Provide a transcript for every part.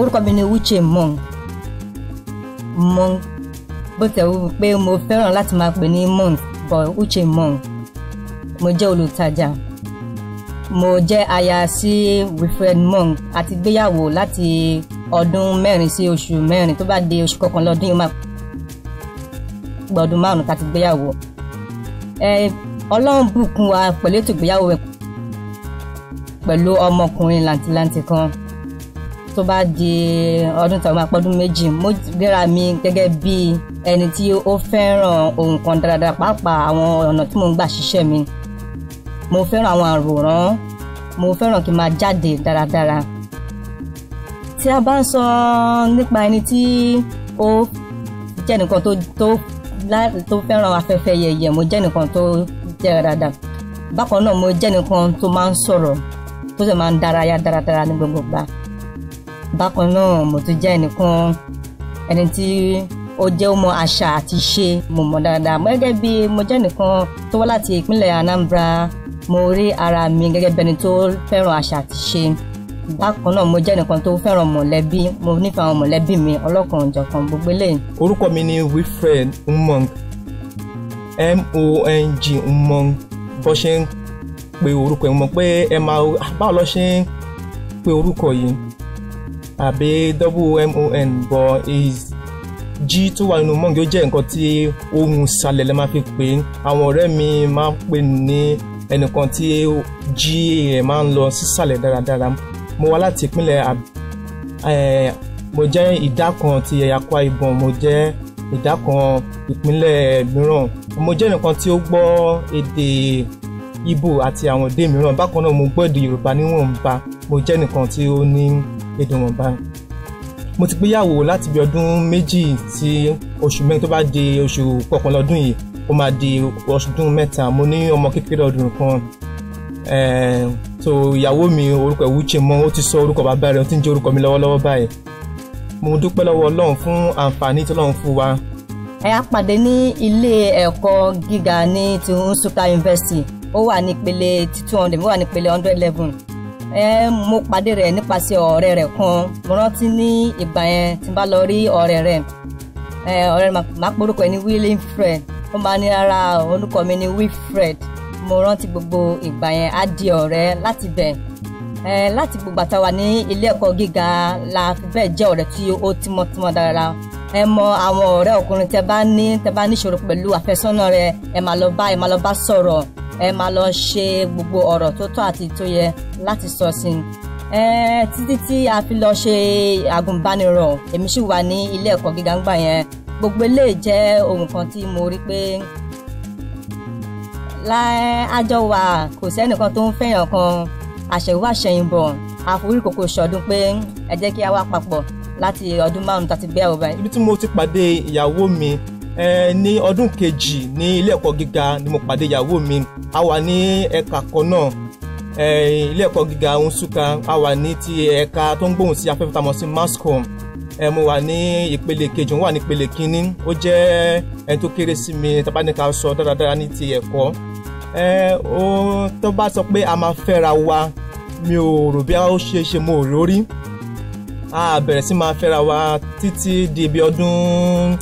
orúkọ mi ni Uche Mong Mong bó tẹ̀ wù pé mo fẹ́ràn láti máa pè ní Mong but Uche Mong mo jẹ́ olùtajà mo jẹ́ aya sí Wilfred Mong àti gbéyàwó láti ọdún mẹ́rin sí oṣù mẹ́rin tó bá di oṣù kọkànlá ọdún yìí máa gbọ́dún márùn-ún tá ti gbéyàwó ẹ ọlọ́run bùkún wa pẹ̀lú ètò ìgbéyàwó rẹ̀ pẹ̀lú ọmọkùnrin làǹtìlàǹtì kan tó bá di ọdún tó máa pọ́dún méjì mo gbéra mi gẹ́gẹ́ bí ẹni tí ó fẹ́ràn ohun kan dáradára pàápàá àwọn ọ̀nà tí mo ń gbà ṣiṣẹ́ mi mo fẹ́ràn àwọn àwòrán mo fẹ́ràn kí n máa jáde dáradára tí a bá ń sọ nípa ẹni tí ó jẹ́ nìkan tó tó tó fẹ́ràn afẹ́fẹ́ yẹ̀yẹ̀ mo jẹ́ nìkan tó jẹ́ dáadáa bákan náà mo jẹ́ nìkan tó máa ń sọ̀rọ̀ tó sì máa ń dárayá dáradára ní gbogbo gbà bákan náà mo tún jẹ́ ẹnìkan ẹni tí ó jẹ́ ọmọ àṣà àti ṣe mo mọ̀ dáadáa gẹ́gẹ́ bí mo jẹ́ ẹnìkan tó wá láti ìpínlẹ̀ Anambra mo rí ara mi gẹ́gẹ́ bí ẹni tó fẹ́ràn àṣà àti ṣe bákan náà mo jẹ́ ẹnìkan tó fẹ́ràn mọ̀lẹ́bí mo nífẹ̀ẹ́ àwọn mọ̀lẹ́bí mi ọlọ́kan òjọ̀kan gbogbo eléyìí. orúkọ mi ni Wilfred Umong M-O-N-G Umong bó ṣe ń pe orúkọ ẹ̀ mọ̀ pé ẹ máa báwo lọ ṣe ń pe orúkọ yìí àbí WMON but is g tó wà nínú mọ́ǹgì ó jẹ́ nǹkan tí ohun ìsàlẹ̀ lè máa fi pè é àwọn ọ̀rẹ́ mi máa ń pè ní ẹnìkan tí g rẹ̀ máa ń lọ sísàlẹ̀ dáradára mo wá láti ìpínlẹ̀ mo jẹ́ ìdá kan ti ẹ̀yà Akwa Ibom mo jẹ́ ìdá kan ìpínlẹ̀ mìíràn mo jẹ́ nìkan tí ó gbọ́ èdè Ìgbò àti àwọn èdè mìíràn bákan náà mo gbọ́ èdè Yorùbá níwọ̀nba mo jẹ́ nìkan tí ó ní ìdùnmọ̀ba mo ti gbéyàwó láti bí ọdún méjì sí oṣù mẹ́rin tó bá di oṣù kọkànlá ọdún yìí ó máa di ọdún mẹ́ta mo ní ọmọ kékeré ọdún kan so ìyàwó mi orúkọ ẹ̀ Uche mọ́ ó ti sọ orúkọ bàbá rẹ̀ ó ti ń jẹ́ orúkọ mi lọ́wọ́lọ́wọ́ báyìí mo dúpẹ́ lọ́wọ́ Ọlọ́run fún àǹfààní tí Ọlọ́run fún wa ẹ á pàdé ní ilé ẹ̀kọ́ gíga ní ti Nsukka University ó wà nípele two hundred ó wà nípele hundred eleven mo pàdé rẹ̀ nípasẹ̀ ọ̀rẹ́ rẹ̀ kan mo rántí ní ìgbà yẹn tí n bá lọ rí ọ̀rẹ́ rẹ̀ ọ̀rẹ́ rẹ̀ máa porúkọ ẹ̀ ní Wilfred ó máa ní rárá orúkọ mi ní Wilfred mo rántí gbogbo ìgbà yẹn á di ọ̀rẹ́ láti bẹ̀ láti gbogbo àtàwà ní ilé ẹ̀kọ́ gíga la fi bẹ́ẹ̀ jẹ́ ọ̀rẹ́ tí ó tímọ́tímọ́ dáradára ẹ mọ àwọn ọ̀rẹ́ ọkùnrin tẹ bá ní tẹ bá níṣòro pẹ̀lú àfẹ́sọ́nà rẹ ẹ máa lọ bá ẹ máa lọ bá sọ̀rọ̀ ẹ máa lọ ṣe gbogbo ọ̀rọ̀ tó tọ́ àti tó yẹ láti sọ sí i títí tí a fi lọ ṣe agùnbánirọ̀ èmi sì wà ní ilé ẹ̀kọ́ gíga ńgbà yẹn gbogbo eléyìí jẹ́ ohun kan tí mo rí pé láì àjọ wa kò sẹ́nìkan tó ń fẹ́yàn kan àṣẹ̀wáṣẹ̀yìnbọ̀ àforíkòkò ṣọdún pé ẹ jẹ́ kí a wá papọ̀ láti ọdún márùn-ún tàbí bẹ́ẹ̀ ọba. ibi tí mo ti pàdé ìyàwó mi ní ọdún kejì ní ilé ẹ̀kọ́ gíga ni mo pàdé ìyàwó mi a wà ní ẹ̀ka kan náà ilé ẹ̀kọ́ gíga Nsukka a wà ní ti ẹ̀ka tó ń gbóhùn sí afẹ́fẹ́ tamọ̀ sí mascom ẹ mo wà ní ìpele kejì mo wà ní ìpele kínní ó jẹ ẹni tó kéré sí mi tábà sọ dáradára ní ti ẹ̀kọ́ ẹ ó tó bá sọ pé a máa fẹ́ra wa mi ò rò bí a ó ṣe ṣe mo ò rí a bẹ̀rẹ̀ sí máa fẹ́ra wa títí di ibi ọdún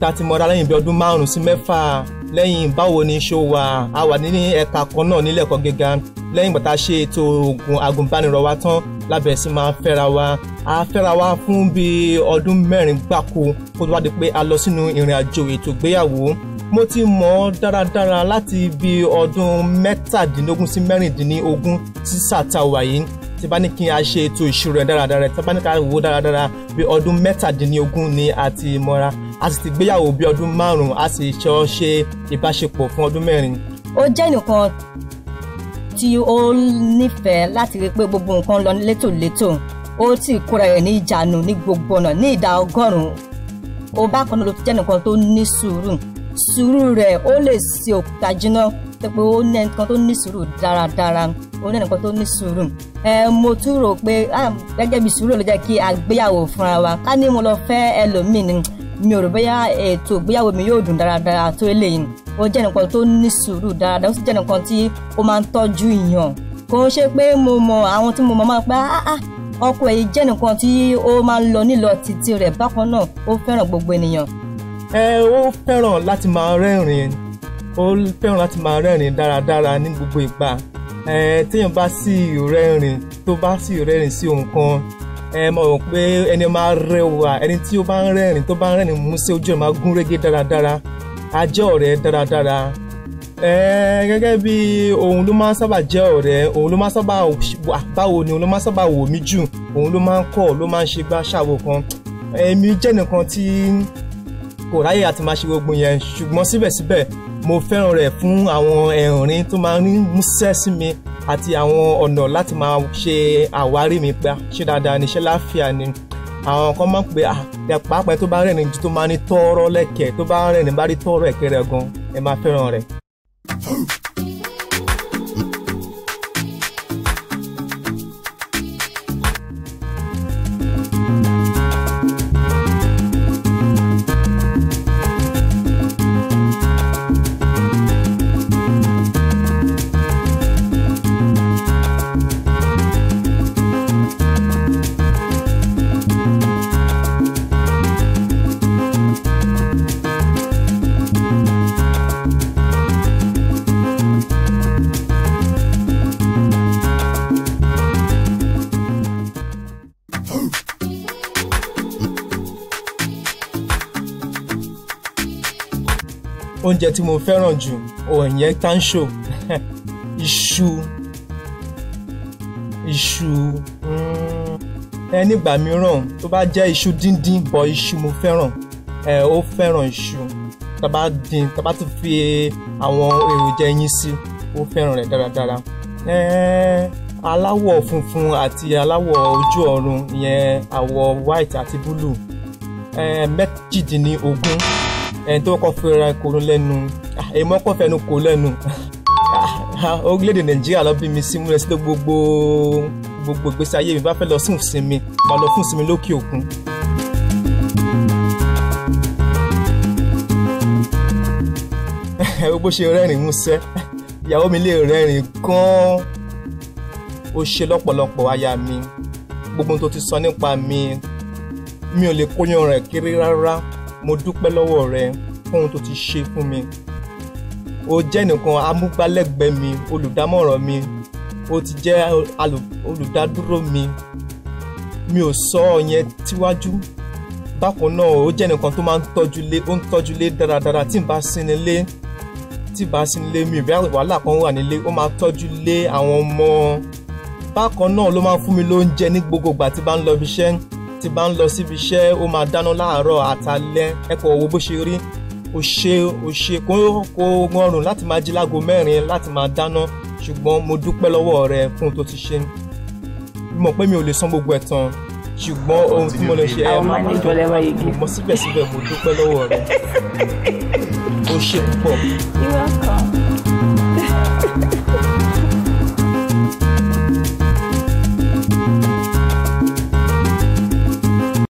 tá a ti mọra lẹ́yìn ibi ọdún márùn-ún sí mẹ́fà lẹ́yìn báwo ni ṣó wà a wà ní ẹ̀ka kan náà nílẹ̀ ẹ̀kọ́ gíga lẹ́yìn bàtà ṣe ètò oògùn agùnbánirọ̀ wa tán la bẹ̀rẹ̀ sí máa fẹ́ra wa a fẹ́ra wa fún bíi ọdún mẹ́rin gbáko kó tó wá di pé a lọ sínú ìrìn àjò ètò ìgbéyàwó mo ti mọ̀ ọ́ dáradára láti bíi ọdún mẹ́tàdínlógún sí mẹ́rìndínlógún sí sàtàwá yìí tí bá ní kí a ṣe ètò ìṣirò ẹ̀ dáradára tí bá ní ká wò dáradára bí ọdún mẹ́tàdínlógún ni a ti mọ́ra a sì ti gbéyàwó bí ọdún márùn-ún a sì jọ ṣe ìbáṣepọ̀ fún ọdún mẹ́rin. ó jẹ́ nìkan tí ó nífẹ̀ẹ́ láti rí pé gbogbo nǹkan lọ létòlétò ó sì kóra ẹ̀ ní ìjánu ní gbogbo ọ̀nà ní ìdá ọgọ́rùn-ún ó bá kan ló jẹ́ nìkan tó ní sùúrù sùúrù rẹ̀ ó lè ṣe òkúta jiná pé ó ní ẹnìkan tó ní sùúrù dáradára òun náà nìkan tó ní sùúrù ẹ mo tún rò pé gẹ́gẹ́ bí sùúrù ló jẹ́ kí àgbéyàwó fúnra wa ká ní mo lọ fẹ́ ẹlòmíì ni mi ò rò bóyá ètò ìgbéyàwó mi yóò dùn dáradára tó eléyìí ó jẹ́ nìkan tó ní sùúrù dáradára ó sì jẹ́ nìkan tí ó máa ń tọ́jú ìyàn kò ń ṣe pé mo mọ àwọn tí mo mọ máa pẹ́ ah ah ọkọ èyí jẹ́ nìkan tí ó máa ń lọ nílọ títí rẹ̀ bákan náà ó fẹ́ràn gbogbo ènìyàn. ẹ ó fẹ́ràn láti máa rẹ́rìn-ín ó fẹ́ràn láti máa rẹ́rìn dáradára ní gbogbo ìgbà téèyàn bá sì rẹ́rìn tó bá sì rẹ́rìn sí ohun kan ẹ mọ̀ rò pé ẹni máa rẹwà ẹni tí ó bá ń rẹ́rìn tó bá ń rẹ́rìn músẹ́ ojú ẹ̀ máa gún régé dáradára á jẹ́ ọ̀rẹ́ dáradára gẹ́gẹ́ bí òun ló máa ń sábà jẹ́ ọ̀rẹ́ òun ló máa ń sábà báwo ni òun ló máa sábà wò mí jù òun ló máa ń kọ́ ló máa ń ṣe gbá ṣàwò kan èmi jẹ́ nìkan tí kò ráyè àti máa ṣe gbogbo yẹn ṣùgbọ́n síbẹ̀síbẹ̀ mo fẹ́ràn rẹ̀ fún àwọn ẹ̀rín tó máa ń músẹ́ sí mi àti àwọn ọ̀nà láti máa ṣe àwárí mi pa ṣé dáadáa ni ṣé láàfíà ni àwọn kan máa ń pè à pàápàá tó bá rẹ̀rìn ju tó máa ní tọ́rọ́ lẹ́kẹ̀ẹ́ tó bá rẹ̀rìn bá rí tọ́rọ́ ẹ̀kẹ́ rẹ̀ gan ẹ máa fẹ́ràn rẹ̀. oúnjẹ tí mo fẹ́ràn jù òyìn tánṣò iṣu iṣu mm. ẹ nígbà mìíràn tó bá jẹ́ iṣu díndín bọ̀ iṣu mo fẹ́ràn ẹ ó fẹ́ràn iṣu tá bá dín tá bá tún fi àwọn èròjà ẹyin sí ó fẹ́ràn rẹ̀ dáradára ẹ aláwọ̀ funfun àti aláwọ̀ ojú ọ̀run ìyẹn àwọ̀ white àti búlù ẹ mẹ́jìdínlógún ẹni tó kọ́ fẹ́ra korun lẹ́nu èmi ah, ọkọ̀ fẹ́nu kò lẹ́nu ah, orílẹ̀-èdè nàìjíríà lọ bí mi sí múlẹ̀ sí gbogbo gbogbo ìgbésí ayé mi bá fẹ́ lọ fún ìsinmi máa lọ fún ìsinmi lókè òkun. bó ṣe rẹ́rìn músẹ́ ìyàwó mi lè rẹ́rìn gan-an ó ṣe lọ́pọ̀lọpọ̀ aya mi gbogbo tó ti sọ nípa mi mi ò lè kóyan rẹ̀ kiri rárá mo dúpẹ́ lọ́wọ́ rẹ fún ohun tó ti ṣe fún mi o jẹ́ nìkan amúgbálẹ́gbẹ̀ẹ́ mi olùdámọ̀ràn mi o ti jẹ́ olùdádúró mi mi ò sọ ọ yẹn tíwájú bákan náà o jẹ́ nìkan tó máa ń tọ́jú lé ó ń tọ́jú lé dáradára tí n bá sinmi lé tí n bá sinmi lé mi ìrẹ́ wàhálà kan wà nílé ó máa tọ́jú lé àwọn ọmọ bákan náà ló máa ń fún mi lóúnjẹ ní gbogbo ìgbà tí bá ń lọ ibi iṣẹ́ tí bá ń lọ síbi iṣẹ́ ó máa dáná láàárọ̀ àtàlẹ́ ẹ kò bó ṣe rí ó ṣe ó ṣe kó kó rọrùn láti máa jí láago mẹ́rin láti máa dáná ṣùgbọ́n mo dúpẹ́ lọ́wọ́ rẹ fún ohun tó ti ṣe mọ̀ pé mi ò lè san gbogbo ẹ̀ ṣùgbọ́n ohun tí mo lè ṣe ẹ̀ máa ń jọ lẹ́wọ́ yege mo síbẹ̀síbẹ̀ mo dúpẹ́ lọ́wọ́ rẹ ó ṣe púpọ̀. You're welcome.